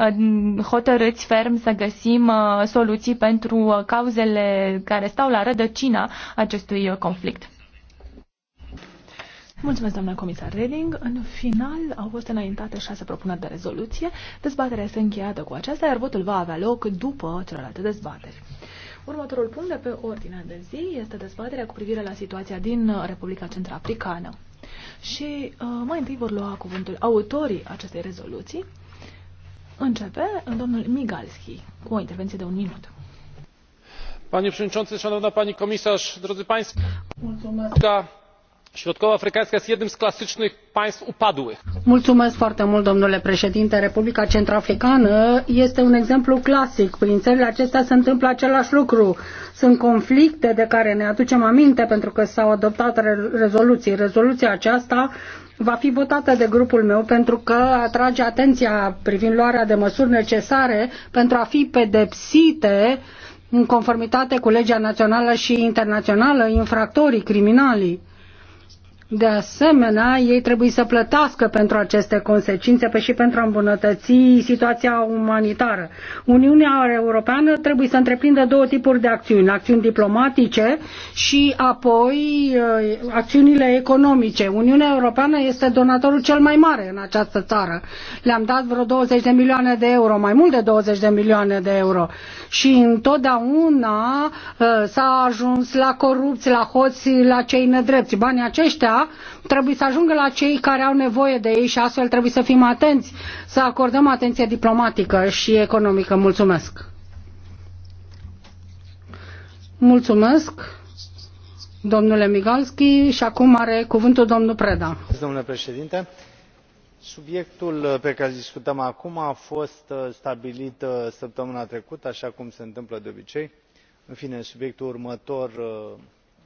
Uh, hotărâți ferm să găsim uh, soluții pentru uh, cauzele care stau la rădăcina acestui conflict. Mulțumesc, doamna comisar Reding. În final au fost înaintate șase propuneri de rezoluție. Dezbaterea este încheiată cu aceasta, iar votul va avea loc după celelalte dezbateri. Următorul punct de pe ordinea de zi este dezbaterea cu privire la situația din Republica Centrafricană. Și uh, mai întâi vor lua cuvântul autorii acestei rezoluții, Începe domnul Migalski cu o intervenție de un minut. Panie przewodniczący, szanowna pani komisarz, drodzy państwo, Mulțumesc środkowa afrykańska jest jednym z klasycznych państw upadłych. Mulțumesc foarte mult, domnule președinte. Republica Centrafricană este un exemplu clasic. Prin țările acestea se întâmplă același lucru. Sunt conflicte de care ne aducem aminte pentru că s-au adoptat rezoluții. Rezoluția aceasta va fi votată de grupul meu pentru că atrage atenția privind luarea de măsuri necesare pentru a fi pedepsite în conformitate cu legea națională și internațională infractorii criminalii de asemenea, ei trebuie să plătească pentru aceste consecințe pe și pentru a îmbunătăți situația umanitară. Uniunea Europeană trebuie să întreprindă două tipuri de acțiuni, acțiuni diplomatice și apoi uh, acțiunile economice. Uniunea Europeană este donatorul cel mai mare în această țară. Le-am dat vreo 20 de milioane de euro, mai mult de 20 de milioane de euro. Și întotdeauna uh, s-a ajuns la corupți, la hoți, la cei nedrepti. Banii aceștia trebuie să ajungă la cei care au nevoie de ei și astfel trebuie să fim atenți, să acordăm atenție diplomatică și economică. Mulțumesc! Mulțumesc! Domnule Migalski și acum are cuvântul domnul Preda. Domnule președinte, subiectul pe care discutăm acum a fost uh, stabilit uh, săptămâna trecută așa cum se întâmplă de obicei în fine subiectul următor uh,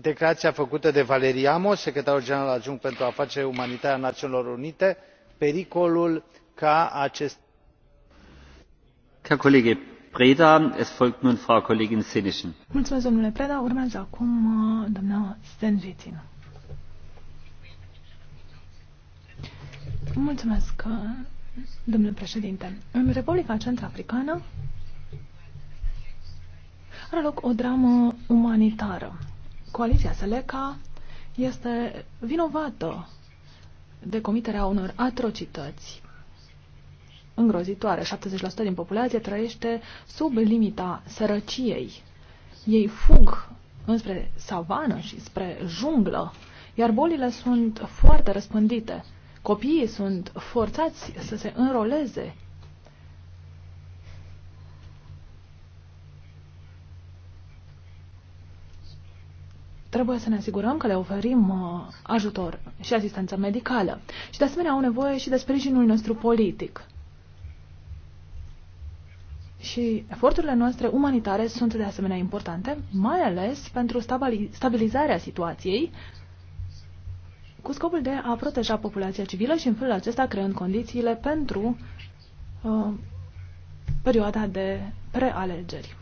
declarația făcută de valeri amos secretarul general adjunct pentru afaceri umanitare ale națiunilor unite pericolul ca acest Mulțumesc, Preda. acum uh, doamna Mulțumesc, uh, domnule președinte. În Republica Centrafricană are loc o dramă umanitară coaliția Seleca este vinovată de comiterea unor atrocități îngrozitoare. 70% din populație trăiește sub limita sărăciei. Ei fug înspre savană și spre junglă, iar bolile sunt foarte răspândite. Copiii sunt forțați să se înroleze trebuie să ne asigurăm că le oferim uh, ajutor și asistență medicală. Și de asemenea au nevoie și de sprijinul nostru politic. Și eforturile noastre umanitare sunt de asemenea importante, mai ales pentru stabilizarea situației, cu scopul de a proteja populația civilă și în felul acesta creând condițiile pentru uh, perioada de prealegeri.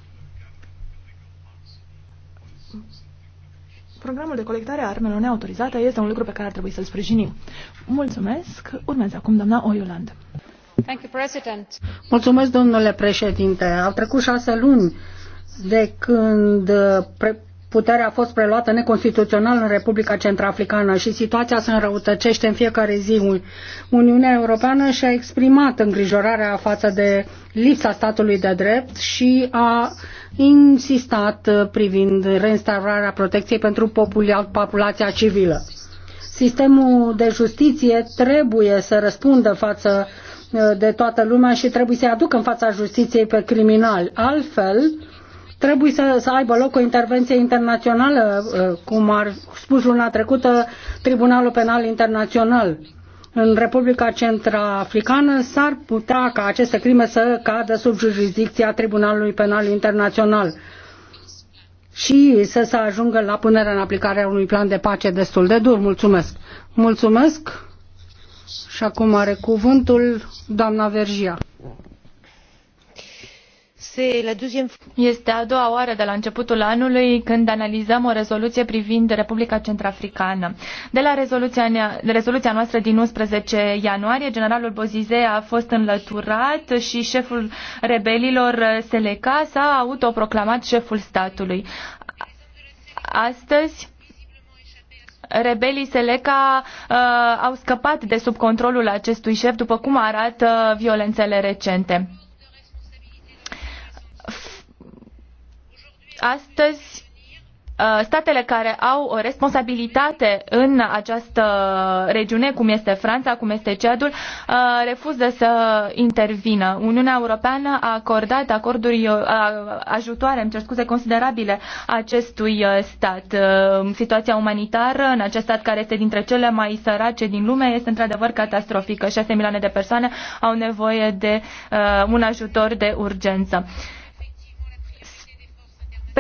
Programul de colectare a armelor neautorizate este un lucru pe care ar trebui să-l sprijinim. Mulțumesc. Urmează acum doamna Oiuland. Mulțumesc, domnule președinte. Au trecut șase luni de când pre- puterea a fost preluată neconstituțional în Republica Centrafricană și situația se înrăutăcește în fiecare zi. Uniunea Europeană și-a exprimat îngrijorarea față de lipsa statului de drept și a insistat uh, privind reinstaurarea protecției pentru populația civilă. Sistemul de justiție trebuie să răspundă față uh, de toată lumea și trebuie să-i aducă în fața justiției pe criminali. Altfel, trebuie să, să aibă loc o intervenție internațională, uh, cum a spus luna trecută Tribunalul Penal Internațional. În Republica Centrafricană s-ar putea ca aceste crime să cadă sub jurisdicția Tribunalului Penal Internațional și să se ajungă la punerea în aplicare a unui plan de pace destul de dur. Mulțumesc! Mulțumesc! Și acum are cuvântul doamna Vergia. Este a doua oară de la începutul anului când analizăm o rezoluție privind Republica Centrafricană. De la rezoluția, rezoluția noastră din 11 ianuarie, generalul Bozize a fost înlăturat și șeful rebelilor Seleka s-a autoproclamat șeful statului. Astăzi, rebelii Seleka uh, au scăpat de sub controlul acestui șef, după cum arată violențele recente astăzi uh, statele care au o responsabilitate în această regiune, cum este Franța, cum este Ceadul, uh, refuză să intervină. Uniunea Europeană a acordat acorduri, uh, ajutoare, îmi cer scuze, considerabile acestui stat. Situația umanitară în acest stat care este dintre cele mai sărace din lume este într-adevăr catastrofică. 6 milioane de persoane au nevoie de un ajutor de urgență.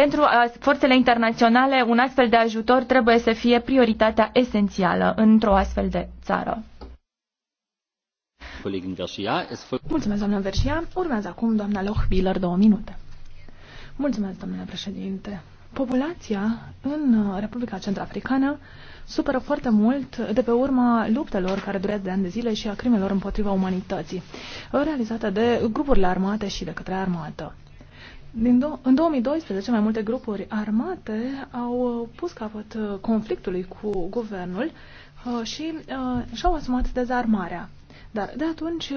Pentru forțele internaționale, un astfel de ajutor trebuie să fie prioritatea esențială într-o astfel de țară. Mulțumesc, doamna Versia. Urmează acum doamna Lochbiller două minute. Mulțumesc, domnule președinte. Populația în uh, Republica Centrafricană suferă foarte mult de pe urma luptelor care durează de ani de zile și a crimelor împotriva umanității, realizate de grupurile armate și de către armată. Din do- în 2012, mai multe grupuri armate au uh, pus capăt uh, conflictului cu guvernul uh, și și-au asumat dezarmarea. Dar de atunci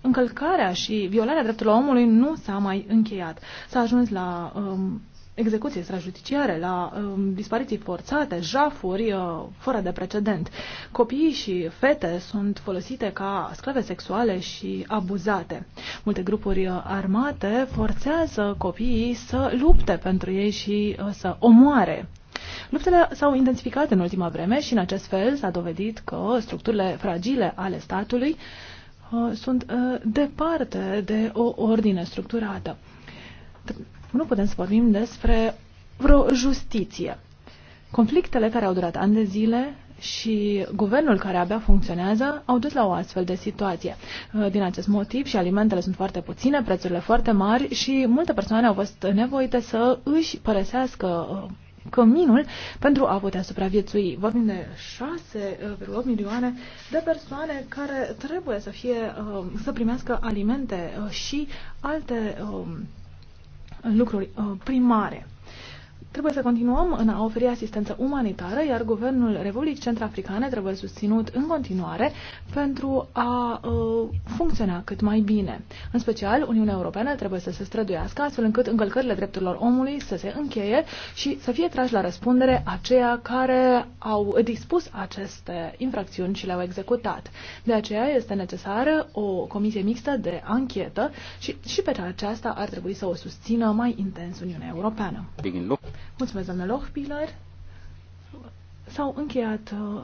încălcarea și violarea drepturilor omului nu s-a mai încheiat. S-a ajuns la um, execuții extrajudiciare, la uh, dispariții forțate, jafuri uh, fără de precedent. Copiii și fete sunt folosite ca sclave sexuale și abuzate. Multe grupuri uh, armate forțează copiii să lupte pentru ei și uh, să omoare Luptele s-au intensificat în ultima vreme și în acest fel s-a dovedit că structurile fragile ale statului uh, sunt uh, departe de o ordine structurată nu putem să vorbim despre vreo justiție. Conflictele care au durat ani de zile și guvernul care abia funcționează au dus la o astfel de situație. Uh, din acest motiv și alimentele sunt foarte puține, prețurile foarte mari și multe persoane au fost nevoite să își părăsească uh, căminul pentru a putea supraviețui. Vorbim de 6,8 uh, milioane de persoane care trebuie să fie să primească alimente și alte um, lucruri uh, primare. Trebuie să continuăm în a oferi asistență umanitară, iar Guvernul Republicii Centrafricane trebuie susținut în continuare pentru a uh, funcționa cât mai bine. În special, Uniunea Europeană trebuie să se străduiască astfel încât încălcările drepturilor omului să se încheie și să fie trași la răspundere aceia care au dispus aceste infracțiuni și le-au executat. De aceea este necesară o comisie mixtă de anchetă și, și pe aceasta ar trebui să o susțină mai intens Uniunea Europeană. Mulțumesc, doamnă Lohpiller. S-au încheiat uh,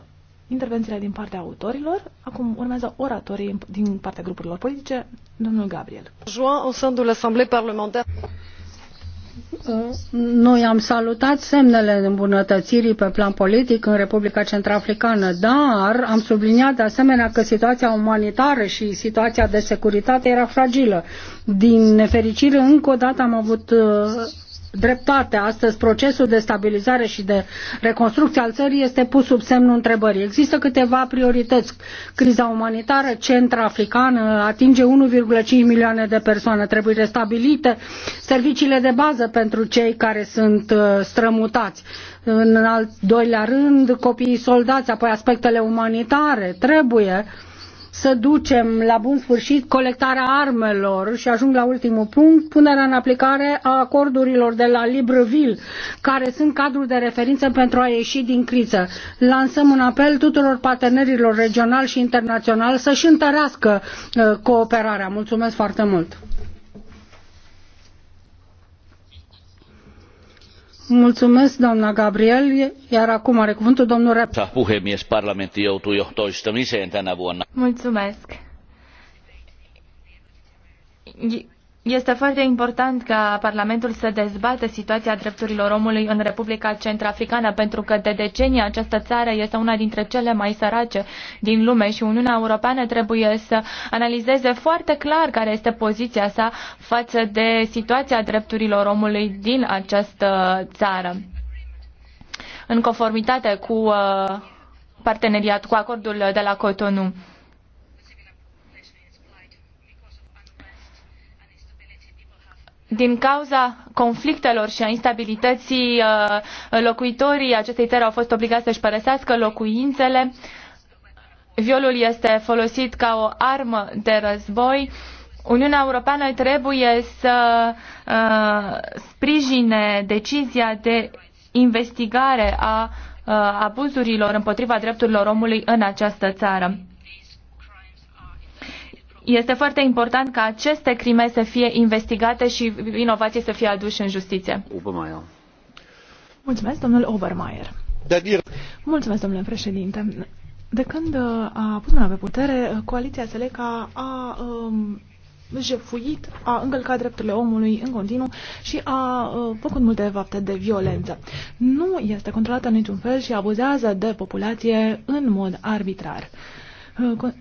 intervențiile din partea autorilor. Acum urmează oratorii din partea grupurilor politice. Domnul Gabriel. Joint au sein de parlementaire. Uh, noi am salutat semnele îmbunătățirii pe plan politic în Republica Centrafricană, dar am subliniat de asemenea că situația umanitară și situația de securitate era fragilă. Din nefericire, încă o dată am avut uh, dreptate. Astăzi procesul de stabilizare și de reconstrucție al țării este pus sub semnul întrebării. Există câteva priorități. Criza umanitară centrafricană atinge 1,5 milioane de persoane. Trebuie restabilite serviciile de bază pentru cei care sunt uh, strămutați. În al doilea rând, copiii soldați, apoi aspectele umanitare. Trebuie să ducem la bun sfârșit colectarea armelor și ajung la ultimul punct, punerea în aplicare a acordurilor de la Libreville, care sunt cadrul de referință pentru a ieși din criză. Lansăm un apel tuturor partenerilor regionali și internaționali să-și întărească uh, cooperarea. Mulțumesc foarte mult! Mulțumesc, Gabriel, iar acum are cuvântul domnul puhemies, parlamentti joutui jo toistamiseen tänä vuonna. Mulțumesc este foarte important ca Parlamentul să dezbată situația drepturilor omului în Republica Centrafricană, pentru că de decenii această țară este una dintre cele mai sărace din lume și Uniunea Europeană trebuie să analizeze foarte clar care este poziția sa față de situația drepturilor omului din această țară. În conformitate cu uh, parteneriat, cu acordul de la Cotonou. din cauza conflictelor și a instabilității, uh, locuitorii acestei țări au fost obligați să-și părăsească locuințele. Violul este folosit ca o armă de război. Uniunea Europeană trebuie să uh, sprijine decizia de investigare a uh, abuzurilor împotriva drepturilor omului în această țară. Este foarte important ca aceste crime să fie investigate și vinovații să fie aduși în justiție. Obermeier. Mulțumesc, domnul Obermeier. Mulțumesc, domnule președinte. De când uh, a pus mâna pe putere, uh, coaliția Seleca a um, jefuit, a îngălcat drepturile omului în continuu și a uh, făcut multe fapte de violență. Nu este controlată în niciun fel și abuzează de populație în mod arbitrar. Uh,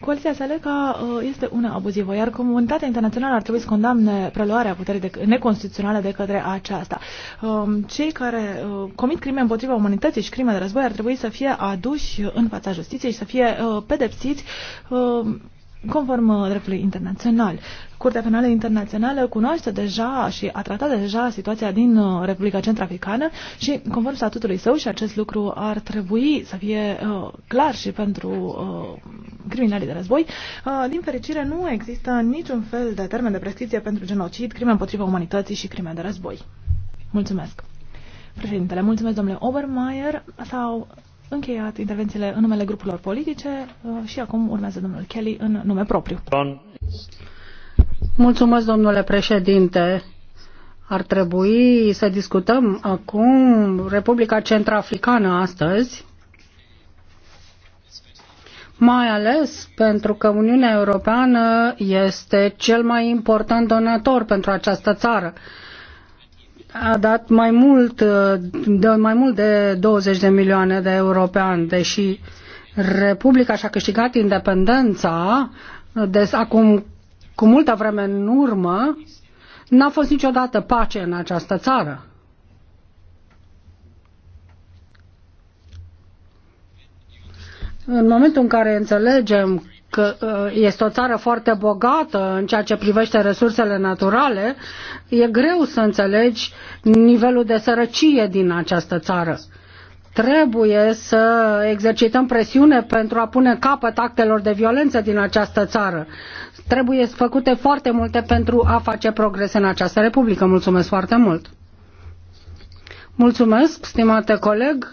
Colția Seleca uh, este una abuzivă, iar comunitatea internațională ar trebui să condamne preluarea puterii de, neconstituționale de către aceasta. Um, cei care uh, comit crime împotriva umanității și crime de război ar trebui să fie aduși în fața justiției și să fie uh, pedepsiți conform uh, dreptului internațional. Curtea Penală Internațională cunoaște deja și a tratat deja situația din uh, Republica Centrafricană și conform statutului său și acest lucru ar trebui să fie uh, clar și pentru uh, criminalii de război. Uh, din fericire nu există niciun fel de termen de prescripție pentru genocid, crime împotriva umanității și crime de război. Mulțumesc. Președintele, mulțumesc domnule Obermeier. sau încheiat intervențiile în numele grupurilor politice uh, și acum urmează domnul Kelly în nume propriu. Mulțumesc, domnule președinte. Ar trebui să discutăm acum Republica Centrafricană astăzi, mai ales pentru că Uniunea Europeană este cel mai important donator pentru această țară a dat mai mult de, mai mult de 20 de milioane de euro pe an, deși Republica și-a câștigat independența des, acum cu multă vreme în urmă, n-a fost niciodată pace în această țară. În momentul în care înțelegem că uh, este o țară foarte bogată în ceea ce privește resursele naturale, e greu să înțelegi nivelul de sărăcie din această țară. Trebuie să exercităm presiune pentru a pune capăt actelor de violență din această țară. Trebuie făcute foarte multe pentru a face progrese în această republică. Mulțumesc foarte mult! Mulțumesc, stimate coleg!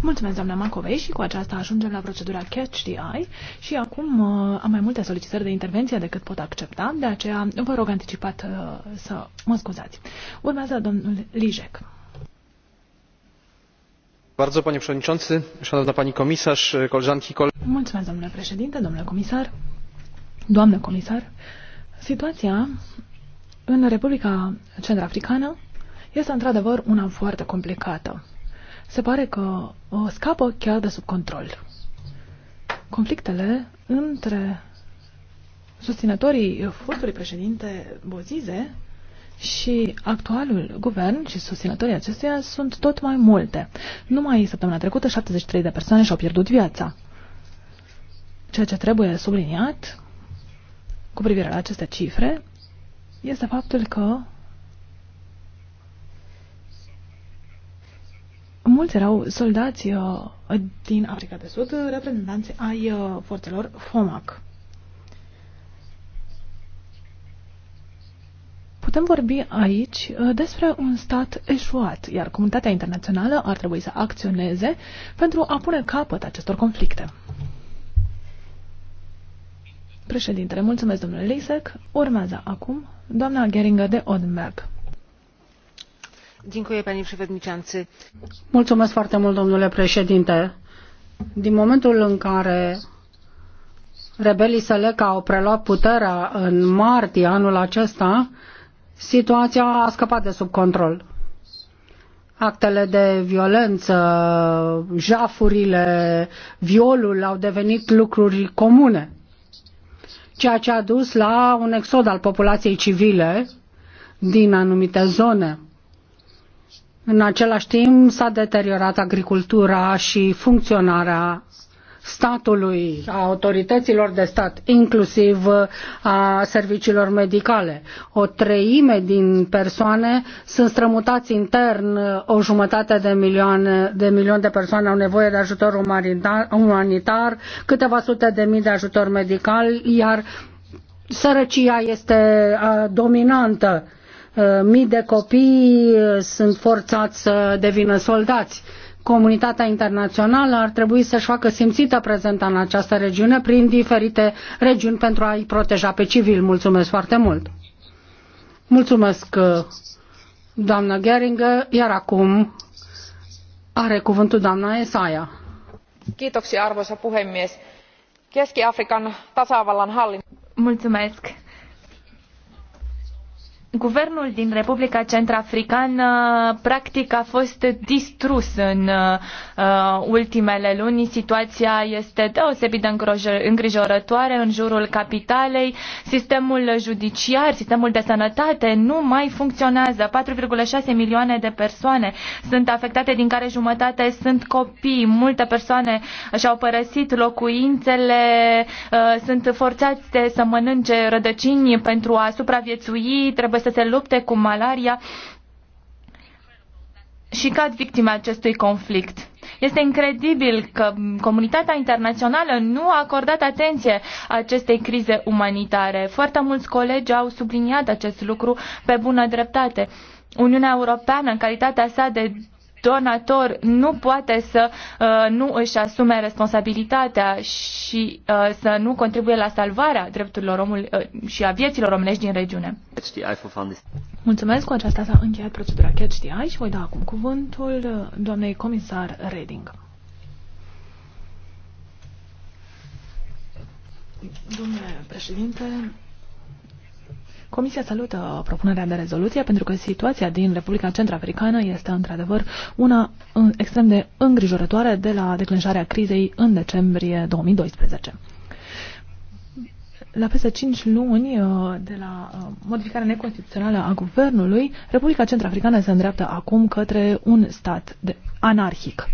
Mulțumesc, doamna Macovei, și cu aceasta ajungem la procedura Catch the Eye și acum uh, am mai multe solicitări de intervenție decât pot accepta, de aceea vă rog anticipat uh, să mă scuzați. Urmează domnul Lijek. Bardzo, panie przewodniczący, szanowna pani komisarz, koleżanki, koledzy. Mulțumesc, domnule președinte, domnule comisar, doamnă comisar. Situația în Republica Centrafricană este într-adevăr una foarte complicată. Se pare că o uh, scapă chiar de sub control. Conflictele între susținătorii fostului președinte Bozize și actualul guvern și susținătorii acestuia sunt tot mai multe. Numai săptămâna trecută 73 de persoane și-au pierdut viața. Ceea ce trebuie subliniat cu privire la aceste cifre este faptul că mulți erau soldați uh, din Africa de Sud, uh, reprezentanți ai uh, forțelor FOMAC. Putem vorbi aici despre un stat eșuat, iar comunitatea internațională ar trebui să acționeze pentru a pune capăt acestor conflicte. Președintele, mulțumesc domnule Lisek. Urmează acum doamna Geringer de Odenberg. Mulțumesc foarte mult, domnule președinte. Din momentul în care rebelii seleka au preluat puterea în martie anul acesta, situația a scăpat de sub control. Actele de violență, jafurile, violul au devenit lucruri comune, ceea ce a dus la un exod al populației civile din anumite zone. În același timp s-a deteriorat agricultura și funcționarea statului, a autorităților de stat, inclusiv a serviciilor medicale. O treime din persoane sunt strămutați intern, o jumătate de milioane de, milion de persoane au nevoie de ajutor umanitar, câteva sute de mii de ajutor medical, iar sărăcia este dominantă Uh, mii de copii uh, sunt forțați să devină soldați. Comunitatea internațională ar trebui să-și facă simțită prezenta în această regiune prin diferite regiuni pentru a-i proteja pe civil. Mulțumesc foarte mult! Mulțumesc, uh, doamnă Geringă, iar acum are cuvântul doamna Esaia. Kiitoksia, arvoisa puhemies. Keski-Afrikan tasavallan hallin... Mulțumesc. Guvernul din Republica Centrafricană practic a fost distrus în uh, uh ultimele luni. Situația este deosebit de îngrijorătoare în jurul capitalei. Sistemul judiciar, sistemul de sănătate nu mai funcționează. 4,6 milioane de persoane sunt afectate, din care jumătate sunt copii. Multe persoane și-au părăsit locuințele, uh, sunt forțate să mănânce rădăcini pentru a supraviețui, trebuie trebuie să se lupte cu malaria și cad victime acestui conflict. Este incredibil că comunitatea internațională nu a acordat atenție acestei crize umanitare. Foarte mulți colegi au subliniat acest lucru pe bună dreptate. Uniunea Europeană, în calitatea sa de donator nu poate să uh, nu își asume responsabilitatea și uh, să nu contribuie la salvarea drepturilor omului uh, și a vieților omenești din regiune. Mulțumesc, cu aceasta s-a încheiat procedura Catch the Eye și voi da acum cuvântul uh, doamnei comisar Reding. Domnule președinte, Comisia salută propunerea de rezoluție pentru că situația din Republica Centrafricană este într-adevăr una uh, extrem de îngrijorătoare de la declanșarea crizei în decembrie 2012. La peste 5 luni uh, de la uh, modificarea neconstituțională a guvernului, Republica Centrafricană se îndreaptă acum către un stat de anarhic.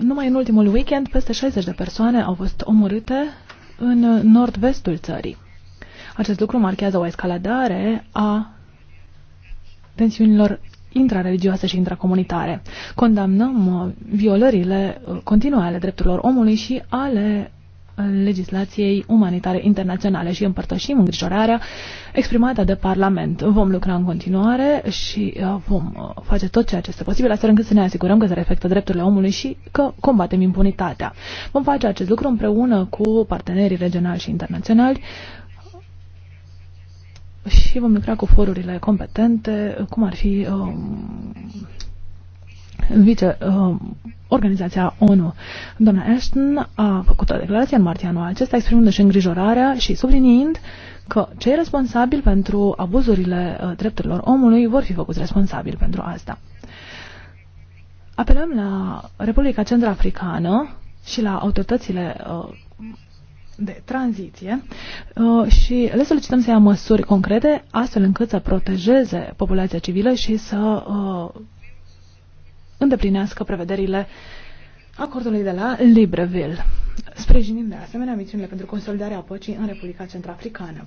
Numai în ultimul weekend, peste 60 de persoane au fost omorâte în nord-vestul țării. Acest lucru marchează o escaladare a tensiunilor intrareligioase și intracomunitare. Condamnăm uh, violările uh, continue ale drepturilor omului și ale uh, legislației umanitare internaționale și împărtășim îngrijorarea exprimată de Parlament. Vom lucra în continuare și vom face tot ceea ce este posibil astfel încât să ne asigurăm că se respectă drepturile omului și că combatem impunitatea. Vom face acest lucru împreună cu partenerii regionali și internaționali și vom lucra cu forurile competente, cum ar fi um, vice, um, organizația ONU. Doamna Ashton a făcut o declarație în martie anul acesta exprimându-și îngrijorarea și subliniind că cei responsabili pentru abuzurile uh, drepturilor omului vor fi făcuți responsabili pentru asta. Apelăm la Republica Centrafricană și la autoritățile uh, de tranziție uh, și le solicităm să ia măsuri concrete astfel încât să protejeze populația civilă și să uh, îndeplinească prevederile acordului de la Libreville. Sprijinim de asemenea misiunile pentru consolidarea păcii în Republica Centrafricană.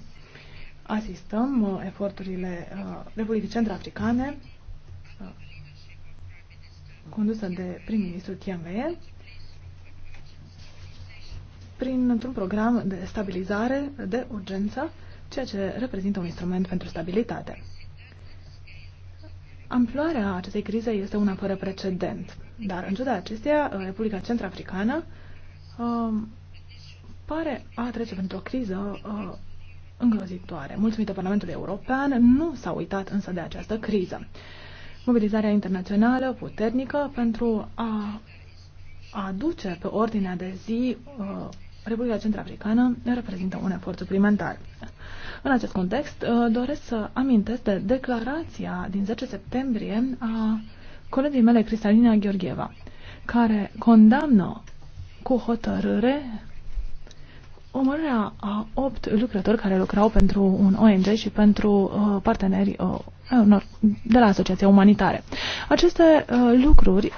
Asistăm uh, eforturile Republicii Centrafricane condusă de prim-ministru Tiamveie prin un program de stabilizare de urgență, ceea ce reprezintă un instrument pentru stabilitate. Amploarea acestei crize este una fără precedent, dar în ciuda acesteia, Republica Centrafricană um, pare a trece pentru o criză uh, îngrozitoare. Mulțumită Parlamentului European, nu s-a uitat însă de această criză. Mobilizarea internațională puternică pentru a aduce pe ordinea de zi uh, Republica Centrafricană reprezintă un efort suplimentar. În acest context, uh, doresc să amintesc de declarația din 10 septembrie a colegii mele Cristalina Gheorgheva, care condamnă cu hotărâre omorârea a opt lucrători care lucrau pentru un ONG și pentru uh, partenerii uh, de la asociația umanitare. Aceste lucruri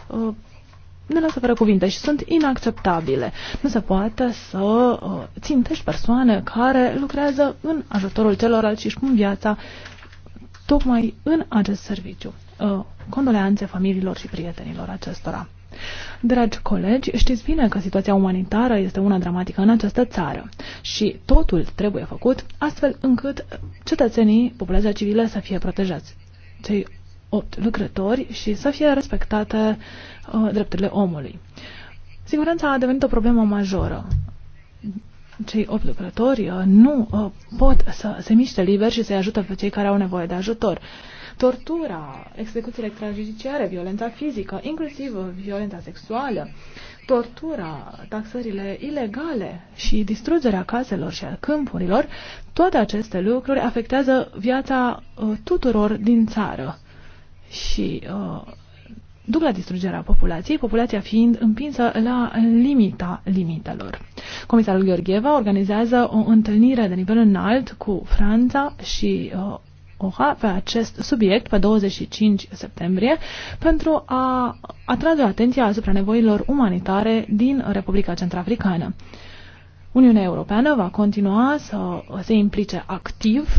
ne lasă fără cuvinte și sunt inacceptabile. Nu se poate să uh, țintești persoane care lucrează în ajutorul celorlalți și își pun viața tocmai în acest serviciu. Uh, condoleanțe familiilor și prietenilor acestora. Dragi colegi, știți bine că situația umanitară este una dramatică în această țară și totul trebuie făcut astfel încât cetățenii, populația civilă să fie protejați. Cei 8 lucrători și să fie respectate uh, drepturile omului. Siguranța a devenit o problemă majoră. Cei 8 lucrători uh, nu uh, pot să se miște liber și să-i ajute pe cei care au nevoie de ajutor. Tortura, execuțiile extrajudiciare, violența fizică, inclusiv uh, violența sexuală, tortura, taxările ilegale și distrugerea caselor și a câmpurilor, toate aceste lucruri afectează viața uh, tuturor din țară și uh, duc la distrugerea populației, populația fiind împinsă la limita limitelor. Comisarul Gheorgheva organizează o întâlnire de nivel înalt cu Franța și uh, OHA pe acest subiect pe 25 septembrie pentru a atrage atenția asupra nevoilor umanitare din Republica Centrafricană. Uniunea Europeană va continua să se implice activ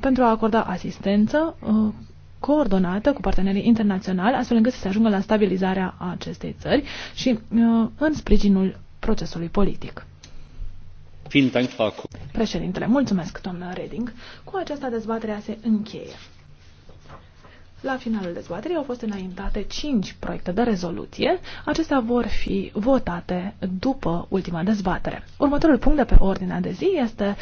pentru a acorda asistență uh, coordonată cu partenerii internaționali, astfel încât să se ajungă la stabilizarea acestei țări și uh, în sprijinul procesului politic. Președintele, mulțumesc, doamnă Reding. Cu această dezbatere se încheie. La finalul dezbaterii au fost înaintate cinci proiecte de rezoluție. Acestea vor fi votate după ultima dezbatere. Următorul punct de pe ordinea de zi este